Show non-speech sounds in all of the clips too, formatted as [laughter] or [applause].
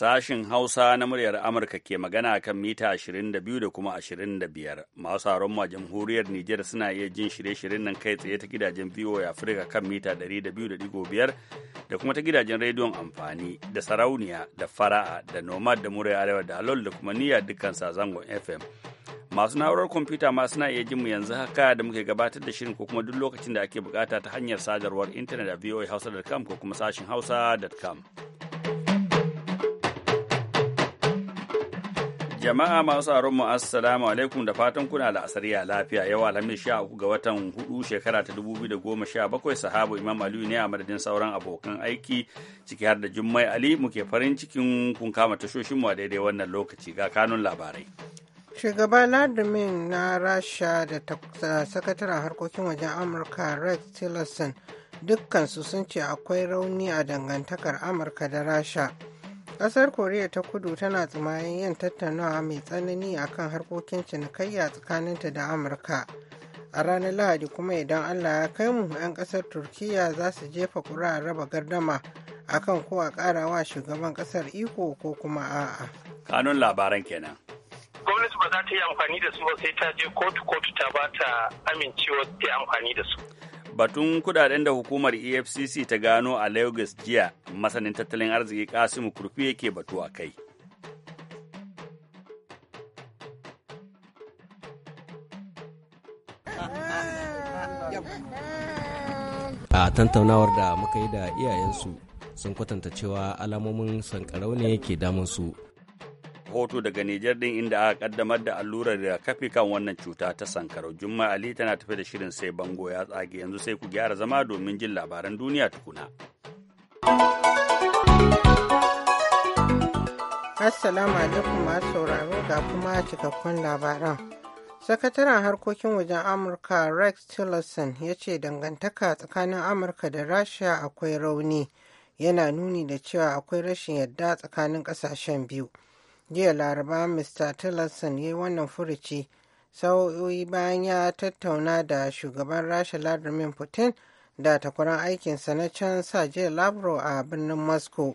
Sashin Hausa na muryar Amurka ke magana kan mita 22 da kuma 25. Masu haron ma jamhuriyar Nijar suna iya jin shirye-shiryen nan kai tsaye ta gidajen VOA Africa kan mita 200.5 da kuma ta gidajen rediyon amfani da sarauniya da fara'a da nomad da muryar arewa da halol da kuma niyya dukkan zangon FM. Masu na'urar kwamfuta ma suna iya jin mu yanzu haka da muke gabatar da shirin ko kuma duk lokacin da ake bukata ta hanyar sadarwar intanet a voahausa.com ko kuma sashin hausa.com. Jama'a masu tsaron mu assalamu alaikum da fatan kuna da asariya lafiya yau alhamis sha uku ga watan hudu shekara ta dubu biyu da goma sha bakwai sahabu Imam Aliyu ne a madadin sauran abokan aiki ciki har da Jummai Ali muke farin cikin kun kama tashoshin mu a daidai wannan lokaci ga kanun labarai. Shugaba Ladimin na Rasha da sakataren harkokin wajen Amurka Rex Tillerson dukkansu sun ce akwai rauni a dangantakar Amurka da Rasha. Ƙasar Koriya ta kudu tana tsumayen yin tattaunawa mai tsanani akan harkokin cinikayya tsakaninta da Amurka. A ranar Lahadi kuma idan Allah ya kai mu 'yan ƙasar Turkiyya za su jefa ƙuri'a raba gardama akan ko a wa shugaban ƙasar iko ko kuma a'a. Kanun labaran kenan. Gwamnati ba za ta yi amfani da su ba sai ta je kotu kotu ta ba ta amincewa ta amfani da su. batun kudaden da hukumar efcc ta gano a lagos jiya masanin tattalin arziki kasimu kurfi yake batu a kai a tantaunawar da muka yi da iyayensu sun kwatanta cewa alamomin sankarau ne ke damunsu hoto daga Nijar din inda aka kaddamar da allurar rigakafi kan wannan cuta ta sankarau. Jumma Ali tana tafi da shirin sai bango ya tsage yanzu sai ku gyara zama domin jin labaran duniya tukuna. Assalamu alaikum ma sauraro ga kuma cikakkun labaran. Sakataren harkokin wajen Amurka Rex Tillerson ya ce dangantaka tsakanin Amurka da Rasha akwai rauni yana nuni da cewa akwai rashin yadda tsakanin ƙasashen biyu. jiya laraba mr tillerson ya yi wannan furuci sauyi bayan ya tattauna da shugaban rasha vladimir putin da takwaran aikinsa na can jiya labro a birnin moscow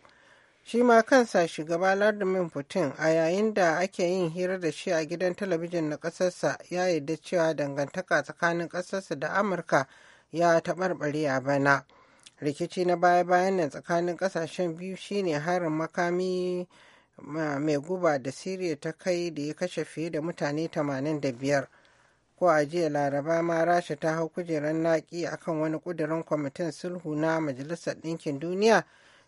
shi ma kansa shugaba vladimir putin a yayin da ake yin hira da shi a gidan talabijin na ƙasarsa ya yarda cewa dangantaka tsakanin ƙasarsa da amurka ya taɓarɓare a bana rikici na baya-bayan nan tsakanin ƙasashen biyu shine harin makami mai guba da siriya ta kai da ya kashe fiye da mutane 85 ko a jiya laraba ma rasha ta hau kujerar naki akan wani kudirin kwamitin sulhu na majalisar ɗinkin duniya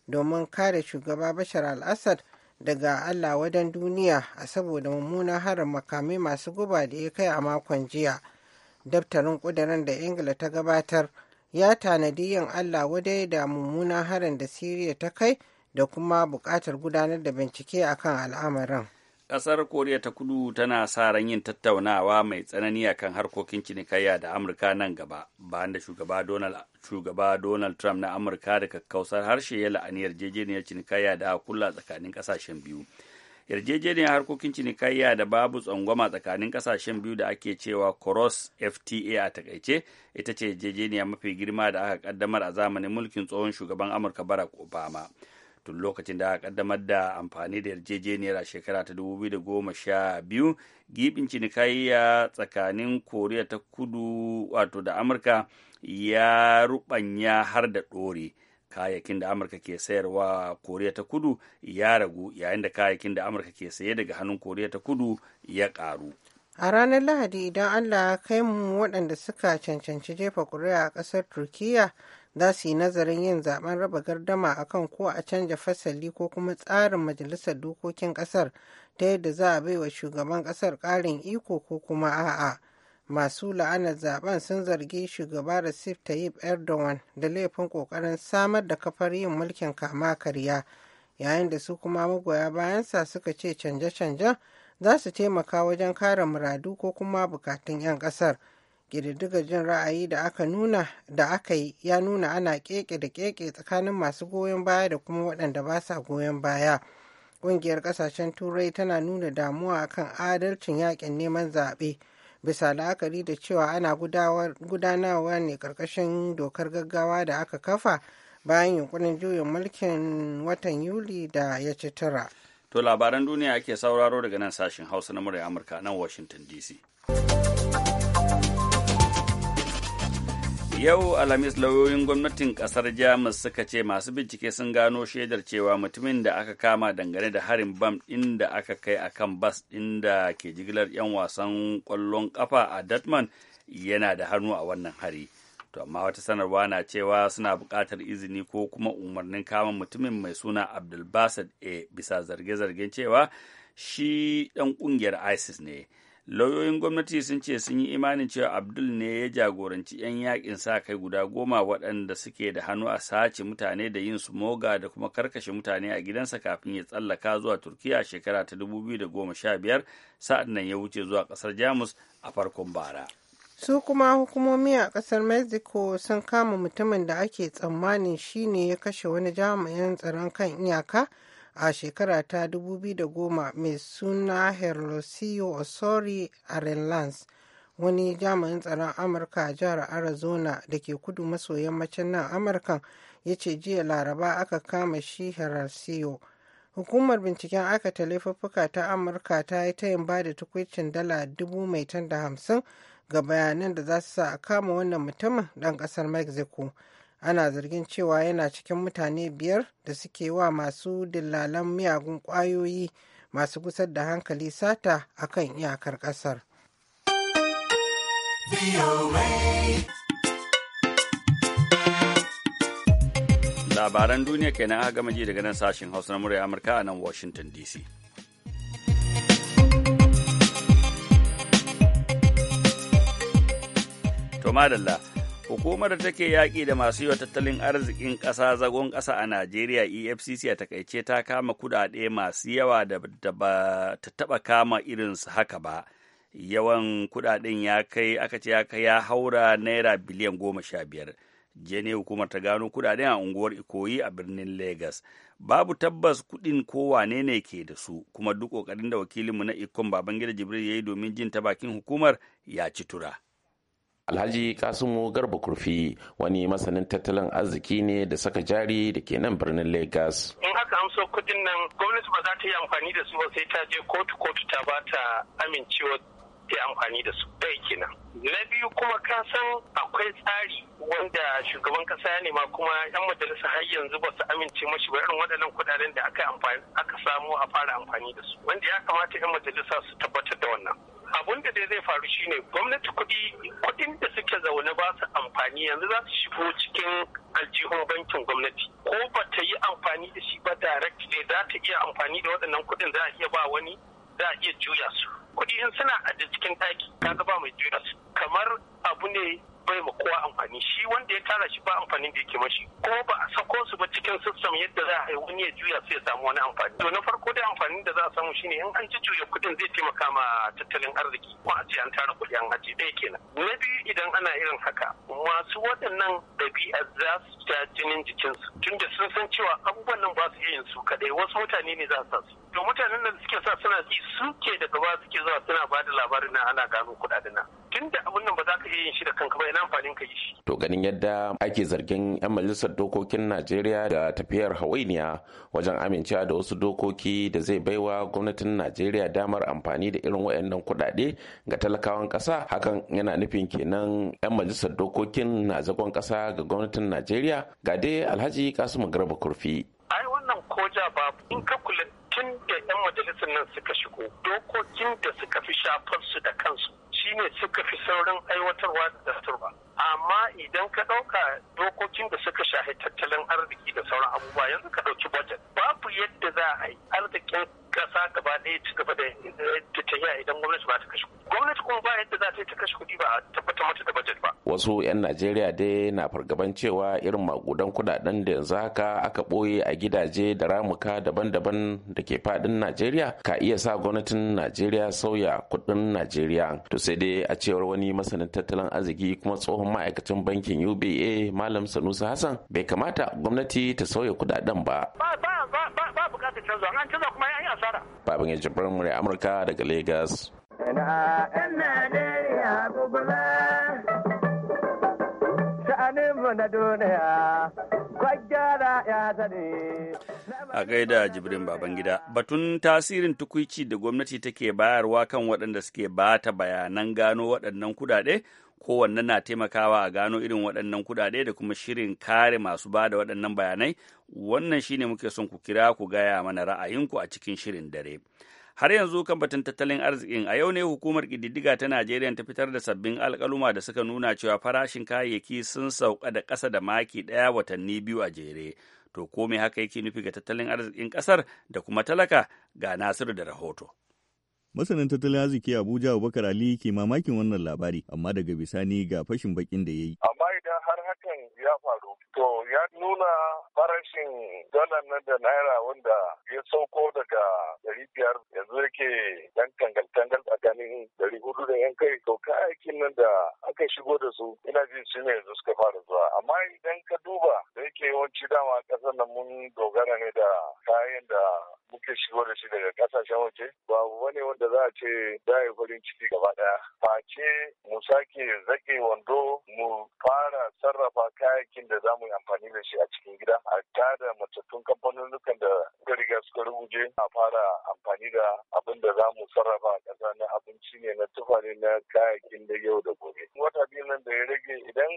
domin kare shugaba bashar al-assad daga allah wadan duniya a saboda mummunan harin makamai masu guba da ya kai a makon jiya daftarin kudirin da ingila ta gabatar ya tanadi yin allah wadai da mummunan harin da siriya ta kai da kuma buƙatar gudanar da bincike akan al'amarin. Ƙasar Koriya ta Kudu tana sa ran yin tattaunawa mai tsanani akan harkokin cinikayya da Amurka nan gaba, bayan da shugaba Donald, shugaba Trump na Amurka da kakkausar harshe ya la'ani yarjejeniyar cinikayya da kulla tsakanin ƙasashen biyu. yarjejeniyar harkokin cinikayya da babu tsangwama tsakanin ƙasashen biyu da ake cewa cross fta a takaice ita ce yarjejeniya mafi girma da aka kaddamar a zamanin mulkin tsohon shugaban amurka barack obama tun lokacin da aka kaddamar da amfani da yarjejeniyar a shekara ta da goma 2012 giɓin cinikayya tsakanin koriya ta kudu wato da amurka ya rubanya har da ɗore kayayyakin da amurka ke sayarwa koriya ta kudu ya ragu yayin da kayayyakin da amurka ke saye daga hannun koriya ta kudu ya ƙaru a ranar lahadi idan allah ya kai mu waɗanda suka cancanci jefa kuri'a a ƙasar turkiyya za su yi nazarin yin zaben raba gardama akan ko a canja fasali ko kuma tsarin majalisar dokokin kasar ta yadda za a baiwa shugaban kasar karin iko ko kuma a'a masu la'anar zaben sun zargi shugaba Recep Tayyip Erdogan da laifin kokarin samar da kafar yin mulkin kama karya yayin da su kuma magoya bayansa suka ce canje canje za su taimaka wajen kare muradu ko kuma bukatun 'yan kasar. ƙididdigar jin ra'ayi da aka nuna da aka yi ya nuna ana keke da keke tsakanin masu goyon baya da kuma waɗanda ba sa goyon baya ƙungiyar ƙasashen turai tana nuna damuwa akan adalcin yakin neman zaɓe bisa la'akari da cewa ana gudanarwa ne ƙarƙashin dokar gaggawa da aka kafa bayan yunkurin juyin mulkin watan yuli da ya ci tura. to labaran duniya ake sauraro daga nan sashen hausa na murya amurka nan washington dc. Yau Alhamis lauyoyin gwamnatin kasar Jamus suka ce masu bincike sun gano shaidar cewa mutumin da aka kama dangane da harin bam inda aka kai a kan bas inda ke jigilar 'yan wasan kwallon kafa a Dortmund yana da hannu a wannan hari. To amma wata sanarwa na cewa suna buƙatar izini ko kuma umarnin kama mutumin mai suna Abdulbasad A bisa zarge-zargen cewa shi ɗan ƙungiyar ISIS ne. lauyoyin gwamnati sun ce sun yi imanin cewa abdul ne ya jagoranci 'yan yakin sa kai guda goma waɗanda suke da hannu a sace mutane da yin su moga da kuma karkashe mutane a gidansa kafin ya tsallaka zuwa turkiya shekara ta 2015 sa'ad nan ya wuce zuwa ƙasar jamus a farkon bara su kuma hukumomi a ƙasar mexico sun kama mutumin da ake tsammanin shine ya kashe wani jami'in tsaron kan iyaka a shekara ta 2010 mai suna herlosio osori arenlans wani jami'in tsaron amurka a jihar arizona da ke kudu maso yammacin nan amurkan ya ce jiya laraba aka kama shi herlosio hukumar binciken aikata laifuffuka ta amurka ta yi tayin ba da tukwicin dala dubu mai da hamsin ga bayanan da za su sa a kama wannan mutumin ɗan ƙasar mexico ana zargin cewa yana cikin mutane biyar da suke wa masu dillalan miyagun ƙwayoyi masu gusar da hankali sata a kan iyakar ƙasar. Labaran duniya kenan aka gama ji daga nan sashen Hausa na murya Amurka a nan Washington DC. To madalla. Hukumar da take yaƙi da masu yi wa tattalin arzikin ƙasa zagon ƙasa a Najeriya EFCC a takaice ta kama kuɗaɗe masu yawa da ba ta taɓa kama irinsu haka ba. Yawan kuɗaɗen ya kai aka ce ya ya haura naira biliyan goma sha biyar. Jene hukumar ta gano kuɗaɗen a unguwar Ikoyi a birnin Legas. Babu tabbas kuɗin ko wane ne ke da su kuma duk ƙoƙarin da wakilinmu na Ikon Babangida Jibril ya yi domin jin ta bakin hukumar ya ci tura. Alhaji Kasimu Garba Kurfi wani masanin tattalin arziki ne da saka jari da ke nan birnin Lagos. In aka amsa kudin nan gwamnati ba za ta yi amfani da su ba sai ta je kotu kotu ta ba ta amincewa ta amfani da su bai kenan. Na biyu kuma ka san akwai tsari wanda shugaban kasa ya nema kuma 'yan majalisa har yanzu ba su amince mashi ba irin waɗannan kuɗaɗen da aka samu a fara amfani da su. Wanda ya kamata 'yan majalisa su tabbatar da wannan. abun da zai faru shine gwamnati kuɗi kuɗin da suke zaune ba su amfani yanzu za su shigo cikin aljihun bankin gwamnati ko ba ta yi amfani da shi ba direct ne za ta iya amfani da waɗannan kuɗin za a iya ba wani za a iya juya su kuɗi in suna a cikin ɗaki ta ba mai juya su kamar abu ne bai ma kowa amfani shi wanda ya tara shi ba amfanin da yake mashi ko ba a sako su ba cikin system yadda za a yi wani ya juya su ya samu wani amfani to na farko da amfanin da za a samu shine in an ci juya kudin zai taimaka ma tattalin arziki ko a ce an tara kudi an haji ɗaya kenan na biyu idan ana irin haka masu waɗannan ɗabi'a za su ta jinin jikinsu tunda sun san cewa abubuwan nan ba su yin su kaɗai wasu mutane ne za su to mutanen nan suke sa suna ji suke da gaba suke zuwa suna ba da labarin nan ana gano kuɗaɗe na. tunda abin nan ba za ka iya yin shi da kanka ba ina amfanin ka yi shi to ganin yadda ake zargin yan majalisar dokokin Najeriya da tafiyar hawainiya wajen amincewa da wasu dokoki da zai baiwa gwamnatin Najeriya damar amfani da irin wayannan kuɗaɗe ga talakawan kasa, hakan yana nufin kenan yan majalisar dokokin na zagon ƙasa ga gwamnatin Najeriya ga dai Alhaji Kasimu Garba Kurfi ai wannan koja ba in ka kula tun da 'yan majalisar nan suka shigo dokokin da suka fi shafar su da kansu shi ne suka fi saurin aiwatarwa da turba amma idan ka ɗauka dokokin da suka shafi tattalin arziki da sauran abubuwa yanzu ka ɗauki budget babu yadda za a yi arzikin ƙasa gaba ɗaya ci gaba da ya idan gwamnati ba ta kashe kuɗi gwamnati kuma ba yadda za ta yi ta kashe kuɗi ba tabbatar mata da budget ba wasu 'yan najeriya dai na fargaban cewa irin makudan kuɗaɗen da yanzu haka aka ɓoye a gidaje da ramuka daban-daban da ke faɗin najeriya ka iya sa gwamnatin najeriya sauya kuɗin najeriya to sai dai a cewar wani masanin tattalin arziki kuma tsohon ma'aikacin bankin uba malam sanusi hassan bai kamata gwamnati ta sauya kudaden ba ba ba canza an canza kuma ya yi asara babin ya jibrin mure amurka daga lagos a gaida jibrin babangida batun tasirin tukuici da gwamnati take bayarwa kan waɗanda suke bata bayanan gano waɗannan kudade kowanne na taimakawa a gano irin waɗannan kuɗaɗe da kuma shirin kare masu ba da waɗannan bayanai wannan shine muke son ku kira ku gaya mana ra'ayinku a cikin shirin dare har yanzu kan batun tattalin arzikin a yau ne hukumar ƙididdiga ta najeriya ta fitar da sabbin alƙaluma da suka nuna cewa farashin kayayyaki sun sauka da ƙasa da maki ɗaya watanni biyu a jere to ko me haka yake nufi ga tattalin arzikin ƙasar da kuma talaka ga nasiru da rahoto Masanin tattalin arziki Abuja Abubakar Ali ke mamakin wannan labari, amma daga bisani ga fashin bakin da ya yi. to ya nuna farashin dala nan da naira wanda ya sauko daga dari biyar yanzu yake dan tangal-tangal tsakanin dari hudu da yan kai to kayayyakin nan da aka shigo da su ina jin su ne yanzu suka fara zuwa amma idan ka duba da yake yawanci dama kasar nan mun dogara ne da kayan da muke shigo da shi daga ƙasashen waje babu wani wanda za a ce yi farin ciki gaba ɗaya face mu sake zake wando mu sarrafa kayayyakin da za mu yi amfani da shi a cikin gida a tada matattun kamfanonukan da suka riga suka rubuje a fara amfani da abin da za mu sarrafa a ƙasa na abinci ne na tufani na kayayyakin da yau da gobe. Wata biyu nan da ya rage idan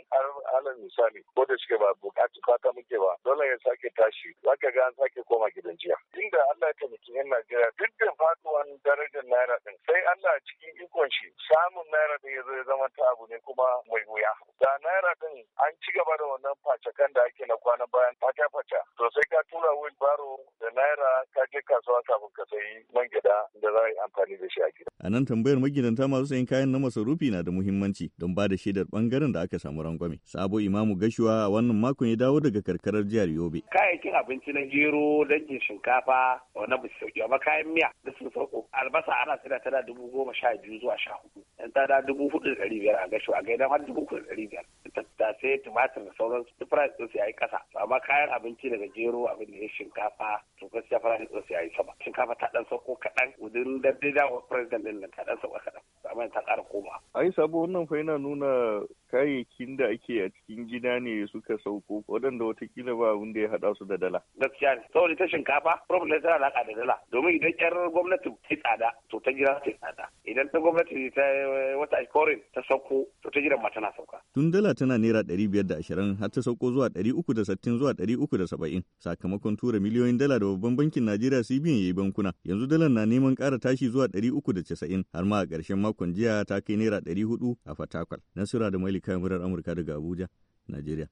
alal misali ko da shike ba bukatu fata muke ba dole ya sake tashi Za ka ga an sake koma gidan jiya. Inda Allah ya taimaki 'yan Najeriya duk da faduwan darajar naira din sai Allah cikin ikon shi samun naira din ya zo zama ta abu ne kuma mai wuya. Da naira din an ci gaba da wannan facakan da ake na kwana bayan fata-fata to sai ka tura baro da naira ka je kasuwa kafin ka sayi man gida da za a yi amfani da shi a gida. A nan tambayar magidanta masu sayin kayan na masarufi na da muhimmanci don ba da shaidar bangaren da aka samu rangwame. Sabo Imamu Gashuwa a wannan makon ya dawo daga karkarar jihar Yobe. Kayayyakin abinci na gero, dangin shinkafa, wani bisa sauki, amma kayan miya da su sauko. Albasa ana sayar tana dubu goma sha biyu zuwa sha hudu. Yan tsada dubu hudu da ɗari biyar a gashuwa, a gaidan har dubu hudu da ɗari biyar. tattasai tumatir da sauran duk price ɗinsu ya yi ƙasa amma kayan abinci daga jero abin da ya shinkafa to gaskiya price ɗinsu su yi sama shinkafa ta ɗan sauko kaɗan wajen daidai wa president din nan ta ɗan sauko kaɗan amma ta ƙara koma. ai sabo wannan fa yana nuna kayayyakin da ake a cikin gida ne suka sauko waɗanda watakila ba abin da ya haɗa su da dala. gaskiya ne saboda ta shinkafa problem tana da dala domin idan yar gwamnati ta tsada to ta gida ta tsada. idan ta gwamnati ta eh, wata alkawarin ta sauko to ta gidan ma tana sauka. Tun dala tana naira ɗari biyar da ashirin har ta sauko zuwa ɗari uku da sittin zuwa ɗari uku da saba'in sakamakon tura miliyoyin dala da babban bankin Najeriya CBN ya yi bankuna yanzu dalar na neman ƙara tashi zuwa ɗari uku da casa'in har ma a ƙarshen makon jiya ta kai naira ɗari hudu a Fatakwal. Nasura da Malika Murar Amurka daga Abuja, Najeriya.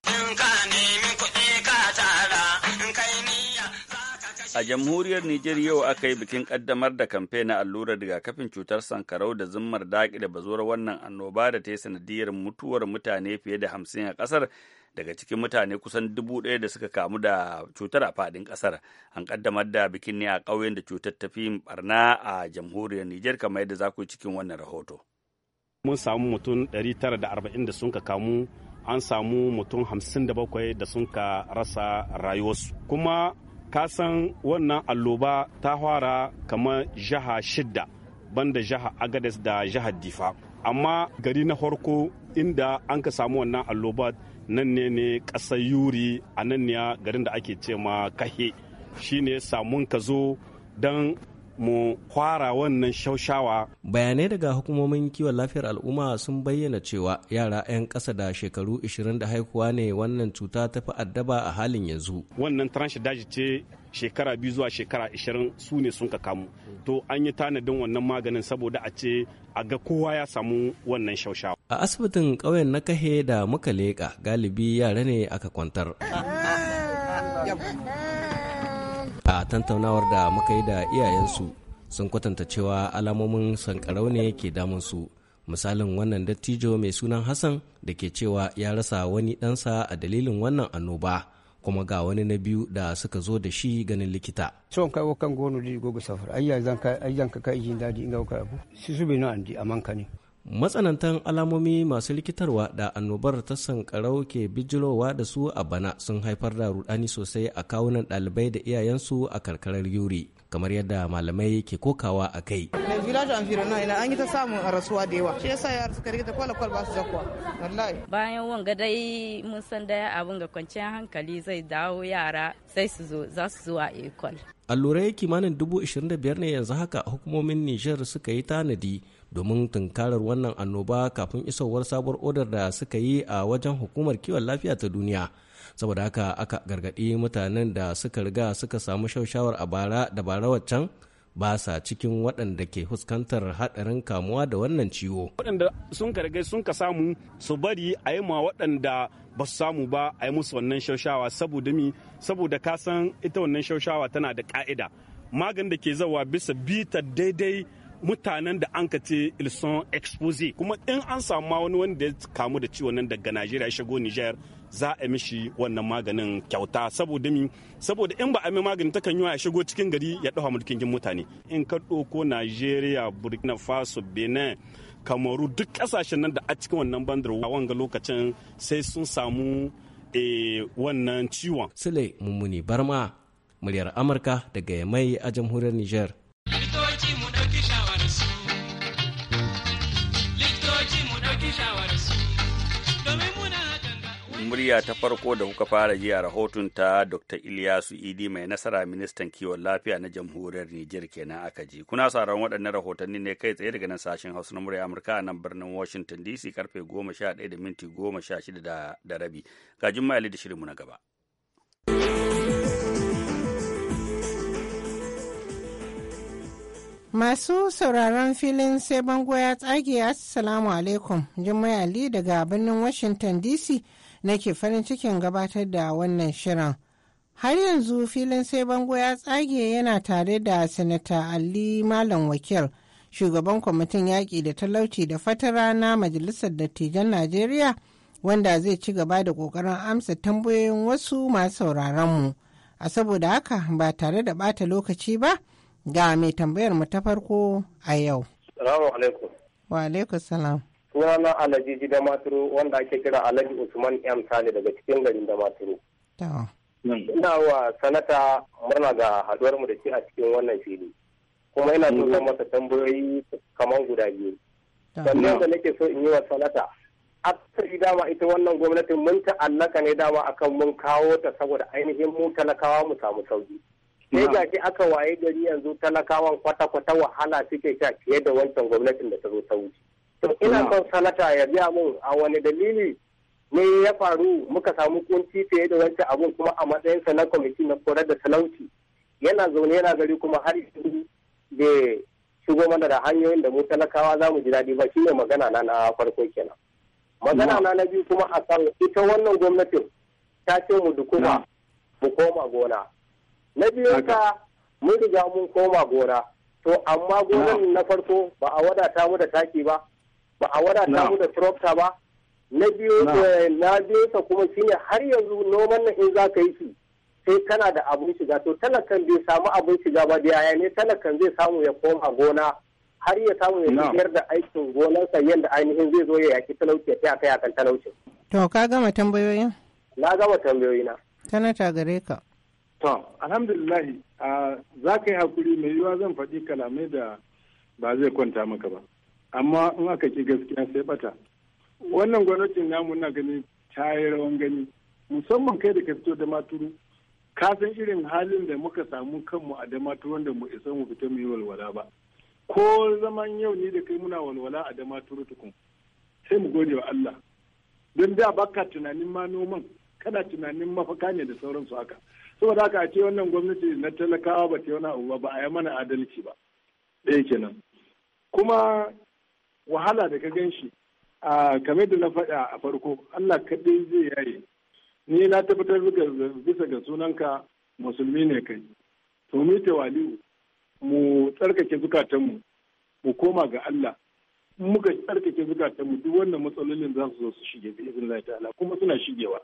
A jamhuriyar Nijar yau aka yi bikin kaddamar da kamfe na allurar rigakafin cutar sankarau da zimmar daƙi da bazuwar wannan annoba da ta yi sanadiyar mutuwar mutane fiye da hamsin a ƙasar daga cikin mutane kusan dubu ɗaya da suka kamu da cutar a faɗin ƙasar. An kaddamar da bikin ne a ƙauyen da cutar ta fi barna a jamhuriyar Nijar kamar yadda za ku yi cikin wannan rahoto. Mun samu mutum 940 da sun ka kamu an samu mutum 57 da sun ka rasa rayuwarsu. Kuma kasan wannan alloba ta fara kamar jiha shidda banda jiha agades da jihar difa amma gari na farko inda an ka samu wannan alloba nan ne ne ƙasar yuri a nan ne garin da ake ce ma kahe shine samun ka zo don mu kwara wannan shaushawa. Bayanai daga hukumomin kiwon lafiyar al'umma sun bayyana cewa yara 'yan ƙasa da shekaru 20 da haihuwa ne wannan cuta ta fi addaba a halin yanzu. Wannan tranche daji ce shekara biyu zuwa shekara 20 su ne sun ka kamu. To an yi tanadin wannan maganin saboda a ce a ga kowa ya samu wannan shaushawa. A asibitin ƙauyen na kahe da muka leƙa galibi yara ne aka kwantar. [laughs] tantaunawar da muka yi da iyayensu sun kwatanta cewa alamomin sankarau ne ke damunsu misalin wannan dattijo mai sunan hassan da ke cewa ya rasa wani ɗansa a dalilin wannan annoba kuma ga wani na biyu da suka zo da shi ganin likita. Son kai kan gonu da gogo safar zan ka ka kai jin dadi in abu su su bai na andi a ka ne. matsanantan alamomi masu likitarwa da annobar ta sankarau ke bijirowa da su a bana sun haifar da rudani sosai a kawunan dalibai da iyayensu a karkarar yuri kamar yadda malamai ke kokawa a kai. an yi samun rasuwa da yawa shi yasa yara suka rike ba su zakwa bayan wanga dai mun san da abin ga kwanciyar hankali zai dawo yara sai su zo za su zuwa ekol allurai kimanin dubu ne yanzu haka hukumomin niger suka yi tanadi domin tunkarar wannan annoba kafin isowar sabuwar odar da suka yi a wajen hukumar kiwon lafiya ta duniya saboda haka aka gargaɗi mutanen da suka riga suka samu shaushawar a bara da bara waccan ba sa cikin waɗanda ke fuskantar haɗarin kamuwa da wannan ciwo. Waɗanda sun kargai sun ka samu su bari a yi ma waɗanda ba su samu ba a yi musu wannan shaushawa saboda mi saboda ka san ita wannan shaushawa tana da ka'ida Magan da ke zawa bisa bita daidai mutanen da an ka ce ilson expose kuma in an samu wani wanda ya kamu da ciwon nan daga najeriya ya shigo niger za a mishi wannan maganin kyauta saboda mi saboda in ba a mai maganin ta yi ya shigo cikin gari ya dafa mulkin mutane in ka ɗauko najeriya burkina faso benin kamaru duk ƙasashen nan da a cikin wannan bandar a wanga lokacin sai sun samu eh, wannan ciwon sule mummuni barma muryar amurka daga mai a jamhuriyar niger murya ta farko da kuka fara ji a rahoton ta Dr. Ilyasu Idi mai nasara ministan kiwon lafiya na jamhuriyar Nijar kenan aka ji. Kuna sauraron waɗannan rahotanni ne kai tsaye daga nan sashen Hausa na murya Amurka a nan birnin Washington DC karfe 11 da minti 16 da rabi. Ga jin Ali da shirinmu na gaba. Masu sauraron filin sai bango ya tsage Assalamu alaikum. Jummai Ali daga birnin Washington DC nake farin cikin gabatar da wannan shirin. Har yanzu filin sai bango ya tsage yana tare da Sanata Ali Malam Wakil, shugaban kwamitin yaƙi da talauci da fatara na Majalisar Dattijan Najeriya, wanda zai ci gaba da ƙoƙarin amsa tambayoyin wasu masu sauraronmu. A saboda haka ba tare da bata lokaci ba ga mai tambayar mu ta farko a yau. Wa alaikum salam. sunana alhaji ji da maturu wanda ake kira alhaji usman m sani daga cikin garin da maturu ina wa sanata murna ga haduwar mu da shi a cikin wannan fili kuma ina so zan masa tambayoyi kamar guda biyu sannan da nake so in yi wa sanata asali dama ita wannan gwamnati mun ta allaka ne dama akan mun kawo ta saboda ainihin mu talakawa mu samu sauki sai ga shi aka waye gari yanzu talakawan kwata-kwata wahala suke sha fiye da wancan gwamnatin da ta zo ta wuce to ina son sanata ya biya mun a wani dalili ne ya faru muka samu kunci fiye da wancan abun kuma a matsayin sa na kwamiti na korar da talauci yana zaune yana gari kuma har bai shigo mana da hanyoyin da mu talakawa za mu ji daɗi ba shi ne magana na na farko kenan magana na na biyu kuma a kan ita wannan gwamnatin ta ce mu dukuma mu koma gona na biyu ka mun riga mun koma gona to amma gonan na farko ba a wadata mu da taki ba ba a wadata mu da tractor ba na biyu eh, na biyu sa kuma shine har yanzu noman nan in za ka yi shi sai kana da abun shiga to talakan bai samu abun shiga ba da yaya ne talakan zai samu ya koma gona har ya samu ya tafiyar da aikin gonarsa yadda ainihin zai zo ya yaki talauci ya kai akan talaucin. To ka gama tambayoyin? Na gama tambayoyina. Sanata gare ka. To alhamdulillahi ah, za ka yi hakuri mai yiwa zan faɗi kalamai da ba zai kwanta maka ba. amma in aka ki gaskiya sai bata wannan gwamnatin namu na gani ta yi rawan gani musamman kai da ka fito da maturu ka san irin halin da muka samu kanmu a da maturu wanda mu isa mu fita mu yi walwala ba ko zaman yau ni da kai muna walwala a da maturu tukun sai mu gode wa Allah don da baka tunanin ma noman kana tunanin mafaka ne da sauransu haka saboda haka a ce wannan gwamnati na talakawa ba ta wani abu ba ba a yi mana adalci ba ɗaya kenan kuma wahala da ka gan shi a kamar da na faɗa a farko Allah kaɗai zai yaye ni na tabbatar bisa ga sunanka musulmi ne kai to mu tawali'u mu tsarkake zukatanmu mu koma ga Allah muka tsarkake zukatanmu duk wannan matsalolin za su zo su shige bi izin Allah ta'ala kuma suna shigewa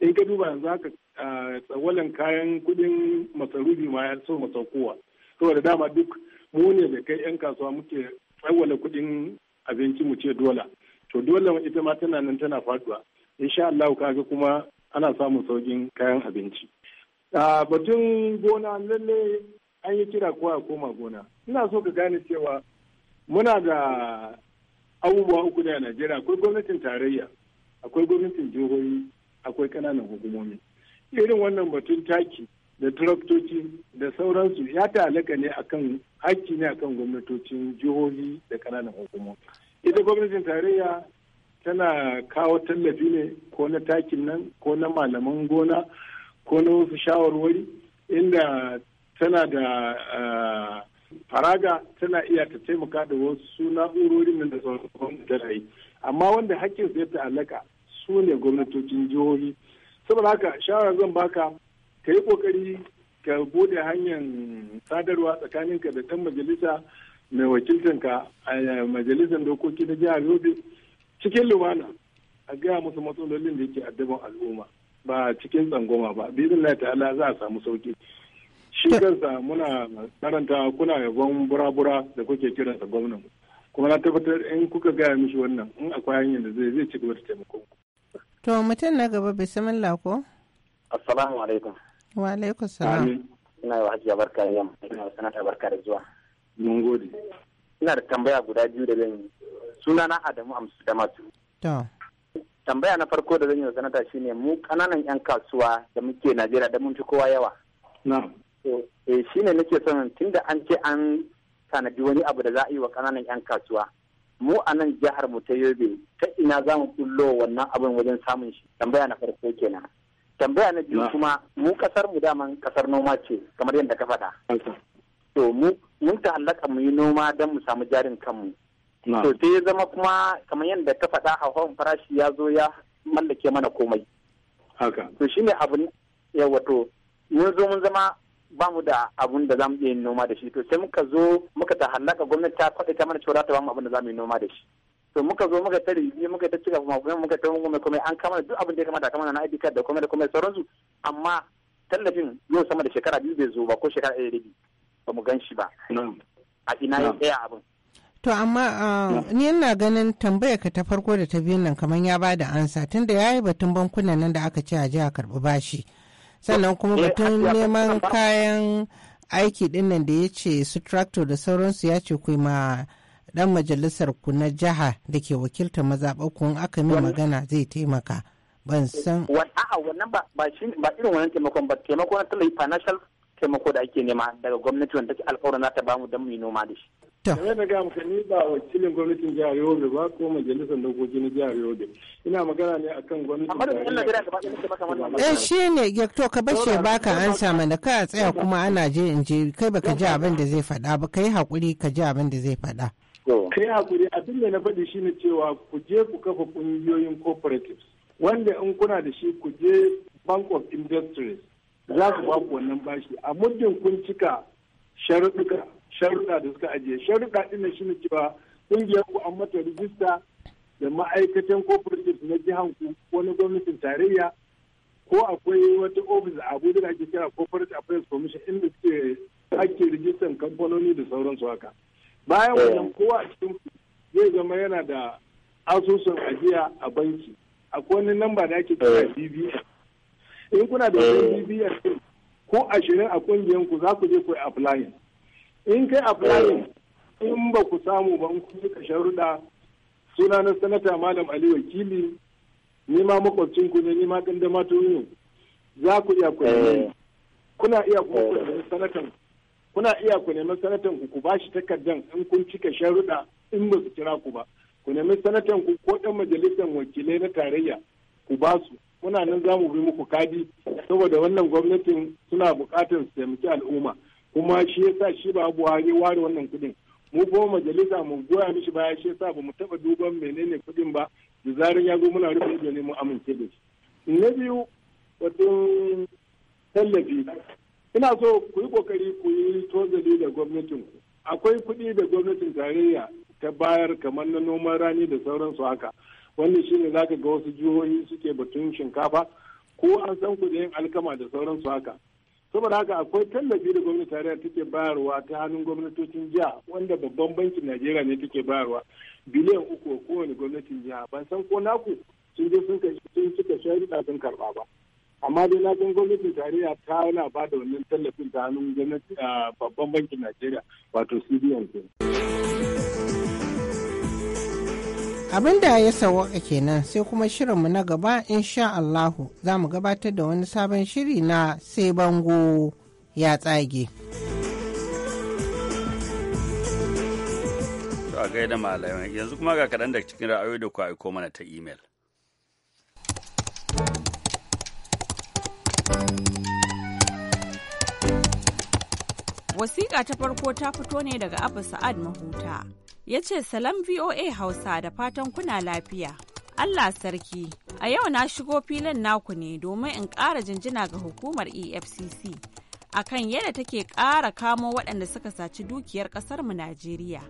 in ka duba yanzu haka tsawalan kayan kudin masarufi ma ya so masaukowa saboda dama duk mu ne da kai yan kasuwa muke tsawala kudin abinci mu ce dola to dole ita ma tana nan tana faduwa insha Allah kaga kuma ana samun saukin kayan abinci a batun gona lalle an yi kira kowa koma gona ina so ka gane cewa muna da abubuwa uku da Najeriya akwai gwamnatin tarayya akwai gwamnatin jihohi akwai ƙananan hukumomi irin wannan batun taki da turaktoci da sauransu ya ta'allaka ne akan hakki ne akan gwamnatocin jihohi da ƙananan hukumomi ita gwamnatin tarayya tana kawo tallafi ne ko na takin nan ko na malaman gona ko na wasu shawarwari inda tana da faraga tana iya ta taimaka da wasu na'urorin nan da da rai amma wanda hakkin su ya ta'allaka su ne gwamnatocin jihohi saboda haka shawara zan baka ka yi kokari ka bude hanyar sadarwa tsakaninka da ɗan majalisa mai ka, a majalisar dokoki na jihar yobe cikin lumana a gaya musu matsalolin da yake addaban al'umma ba cikin tsangoma ba bizin ta'ala za a samu sauki shi kansa muna karanta kuna yabon burabura da kuke kiran sa gwamnan kuma na tabbatar in kuka gaya mishi wannan in akwai hanyar da zai zai ci gaba da taimakon to mutum na gaba bisimila ko assalamu alaikum Wa alaikum salam. Ina hajiya barka da yamma, ina sanata barka da zuwa. Mun gode. Ina da tambaya guda biyu da zan yi. Sunana Adamu Amsu Tambaya na farko da zan yi wa sanata shine mu kananan 'yan kasuwa da muke Najeriya da mun fi kowa yawa. na eh, shi ne nake son tunda an ce an tanadi wani abu da za a yi wa kananan 'yan kasuwa. mu a nan jihar mu ta yobe ta ina za mu kullo wannan abin wajen samun shi tambaya na farko kenan tambaya na biyu kuma mu kasar mu daman kasar noma ce kamar yadda ka faɗa to mu mun halaka mu yi noma don mu samu jarin kanmu to sai ya zama kuma kamar yadda ka faɗa hawan farashi ya zo ya mallake mana komai haka to shine abin ya wato mun zo mun zama ba mu da abun da za mu iya yin noma da shi to sai muka zo muka ta halaka gwamnati ta faɗi ta mana cewa za ta ba mu abun da za mu yi noma da shi to muka zo muka tare biyu muka ta cika kuma kuma muka ta kuma kuma an kama duk abin da ya kamata kama na ID card da kuma da kuma sauransu amma tallafin yau sama da shekara biyu bai zo ba ko shekara ɗaya da ba mu gan shi ba a ina ya tsaya abin To amma ah, ni ina ganin tambayar ka ta farko da ta biyun nan kamar ya bada ansa tunda yayi batun bankunan nan da aka ce a jiya karɓi bashi sannan kuma eh, batun neman kayan aiki din da ya ce su tractor da sauransu ya ce kuma dan majalisar ku na jiha da ke wakilta mazaɓakun aka min magana zai taimaka ban san a'a wannan ba ba irin wannan taimakon ba taimako na talabi financial taimako da ake nema daga gwamnati wanda take alƙawarin za ta bamu don mu yi noma da shi Game na ga ni ba wakilin gwamnatin jihar Yobe ba ko majalisar dokoki na jihar Yobe. Ina magana ne akan gwamnatin. jihar da Eh shi ne to ka bashe baka ansa mana ka tsaya kuma ana je in je kai baka ji abin da zai faɗa ba kai hakuri ka ji abin da zai faɗa. kai hakuri abin da na faɗi shi ne cewa ku je ku kafa ƙungiyoyin cooperatives wanda in kuna da shi ku je bank of industries za ku ba ku wannan bashi a muddin kun cika sharuɗuka sharuɗa da suka ajiye sharuɗa ɗin na ne cewa ƙungiyar ku an mata rijista da ma'aikatan cooperatives na jihan ku ko na gwamnatin tarayya ko akwai wata ofis a abuja da ake kira cooperative affairs commission inda suke ake rijistan kamfanoni da sauransu haka bayan eh. wannan kowa a cikin zai zama yana da asusun ajiya a banki akwai wani namba da ake kira eh. BBN in kuna da wani eh. ko ashirin a ƙungiyarku ku za ku je ku applying in kai applying in ba ku samu ba in kun yi ruda suna na sanata malam ali wakili ni ma makwabcin ku ne ni ma za ku iya kuna iya da sanatan kuna iya ku nemi sanatan ku ba shi takardan in kun cika sharuɗa in ba su kira ku ba ku nemi sanatan ku ko ɗan majalisar wakilai na tarayya ku ba su muna nan za mu bi muku kadi saboda wannan gwamnatin suna buƙatar su taimaki al'umma kuma shi ya sa shi ba buhari ware wannan kuɗin mu kuma majalisa mu goya mishi baya shi yasa ba mu taɓa duban menene kuɗin ba da zarar ya zo muna rufe ido ne mu amince da shi na biyu wato tallafi ina so ku yi kokari ku yi tozali da gwamnatin ku akwai kuɗi da gwamnatin tarayya ta bayar kamar na noman rani da sauransu haka wannan shine zaka ga wasu jihohi suke batun shinkafa ko an san ku da yin alkama da sauransu haka saboda haka akwai tallafi da gwamnati tarayya take bayarwa ta hannun gwamnatocin jiha wanda babban bankin najeriya ne take bayarwa biliyan uku kowane gwamnatin jiha ban san ko naku sun je sun cika shari'a sun karba ba amma dai na san gwamnatin tarayya ta na ba da wannan tallafin ta hannun gwamnati babban bankin najeriya wato cbn abin da ya sawaka kenan sai kuma shirinmu na gaba in sha Allahu za mu gabatar da wani sabon shiri na sai bango ya tsage. To gaida malamai yanzu kuma ga kaɗan da cikin ra'ayoyi da ku aiko mana ta imel. Wasiƙa ta farko ta fito ne daga Abu Sa'ad Mahuta. Ya ce, Salam VOA Hausa da fatan kuna lafiya. Allah sarki, a yau na shigo filin naku ne domin in ƙara jinjina ga hukumar EFCC A kan yadda take ƙara kamo waɗanda suka saci dukiyar ƙasarmu Najeriya.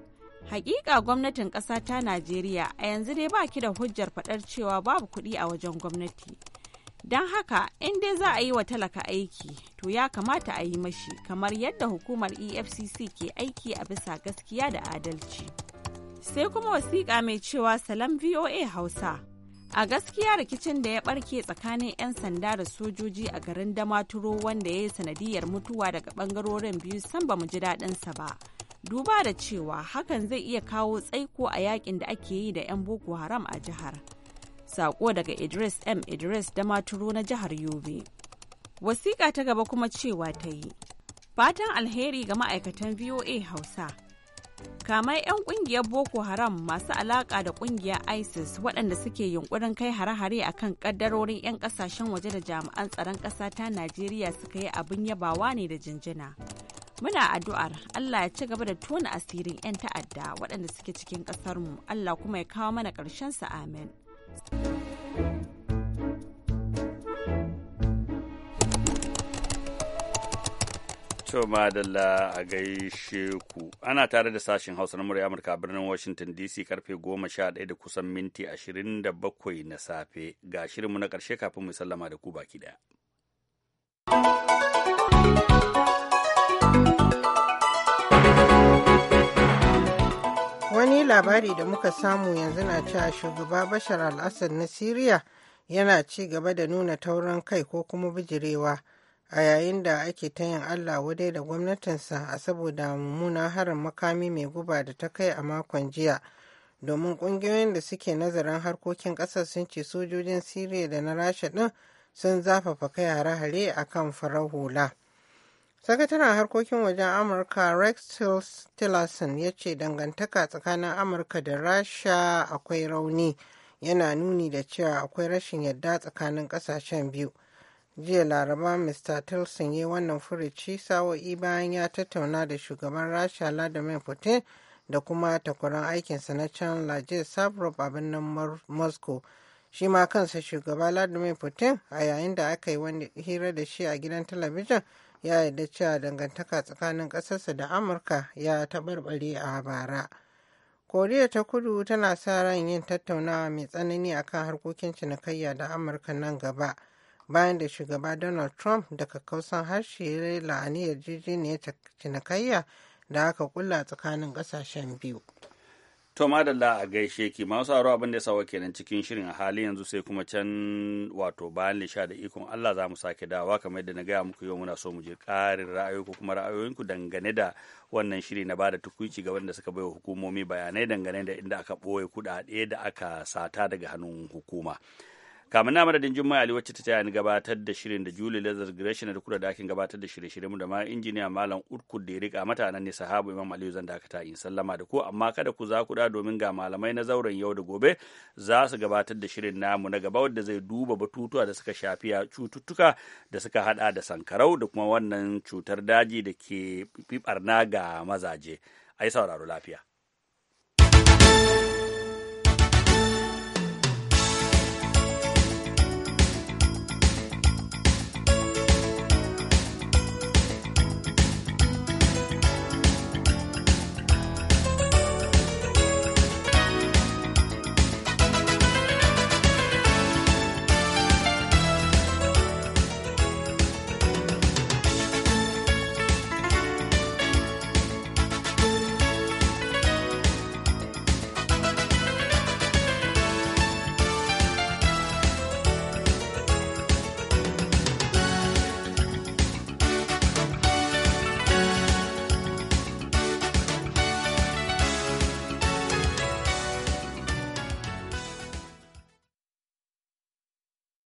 Hakika gwamnatin ƙasa ta Najeriya a yanzu dai baki da hujjar faɗar cewa babu kuɗi a wajen gwamnati. Don haka, in dai za a yi wa talaka aiki, to ya kamata a yi mashi kamar yadda hukumar EFCC ke aiki a bisa gaskiya da adalci. Sai kuma wasiƙa mai cewa salam VOA Hausa. A gaskiya rikicin da ya barke tsakanin 'yan sanda da sojoji a garin Damaturo wanda ya yi sanadiyar mutuwa daga bangarorin biyu san ba mu ji daɗinsa ba. Duba da cewa hakan zai iya kawo tsaiko a yakin da ake yi da 'yan Boko Haram a jihar. Sako daga Idris M. Idris da maturu na jihar Yobe. Wasiƙa ta gaba kuma cewa ta yi. Fatan alheri ga ma'aikatan VOA Hausa. Kamai 'yan ƙungiyar Boko Haram masu alaƙa da ƙungiyar ISIS waɗanda suke yunƙurin kai hare-hare a kan ƙaddarorin 'yan ƙasashen waje da jami'an tsaron ƙasa ta Najeriya suka yi abin yabawa ne da jinjina. Muna addu'ar Allah ya ci gaba da tona asirin 'yan ta'adda waɗanda suke cikin ƙasarmu, Allah kuma ya kawo mana ƙarshen sa amin. madalla a gaishe ku. Ana tare da sashen Hausa na murya Amurka birnin Washington DC karfe goma sha ɗaya da kusan minti ashirin da bakwai na safe. Ga shirinmu na ƙarshe kafin mu sallama da ku baki ɗaya. labari da muka samu yanzu na cewa shugaba bashar al-assad na siriya yana ci gaba da nuna taurin kai ko kuma bijirewa a yayin da ake ta yin allah wadai da gwamnatinsa a saboda mummunan harin makami mai guba da ta kai a makon jiya domin kungiyoyin da suke nazarin harkokin kasar sun ce sojojin siriya da na rasha din sun zafafa kai hare-hare a kan farar hula sakataren harkokin wajen amurka rex tillerson ya ce dangantaka tsakanin amurka da rasha akwai rauni yana nuni da cewa akwai rashin yadda tsakanin kasashen biyu jiya laraba mr tillerson ya wannan furici sa'o'i bayan ya tattauna da shugaban rasha vladimir putin da kuma takwaran aikinsa na can laje sabrov a birnin moscow shi ma kansa shugaba vladimir putin a yayin da aka yi wani hira da shi a gidan talabijin ya yarda cewa dangantaka tsakanin ƙasarsa da amurka ya taɓarɓare a bara koriya ta kudu tana sa ran yin tattaunawa mai tsanani akan harkokin cinikayya da amurka nan gaba bayan da shugaba donald trump da kakkausan harshe ya la'ani yarjejeniyar cinikayya da aka kulla tsakanin ƙasashen biyu To madalla a gaishe ki masu sauraro abin da ya sawa kenan cikin shirin a hali yanzu sai kuma can wato bayan lisha da ikon Allah za mu sake dawa kamar yadda na gaya muku yau muna so mu je ƙarin ra'ayoyi ko kuma ra'ayoyinku dangane da wannan shiri na bada tukuici ga wanda suka baiwa hukumomi bayanai dangane da inda aka ɓoye kuɗaɗe da aka sata daga hannun hukuma. kamar na madadin jummai ali wacce ta taya ni gabatar da shirin da juli lazar gresham da kura da gabatar da shirye mu da ma injiniya malam urku da ya rika mata nan ne sahabu imam aliyu zan dakata in sallama da ku amma kada ku za ku da domin ga malamai na zauren yau da gobe za su gabatar da shirin namu na gaba wanda zai duba batutuwa da suka shafi cututtuka da suka hada da sankarau da kuma wannan cutar daji da ke fi barna ga mazaje ai sauraro lafiya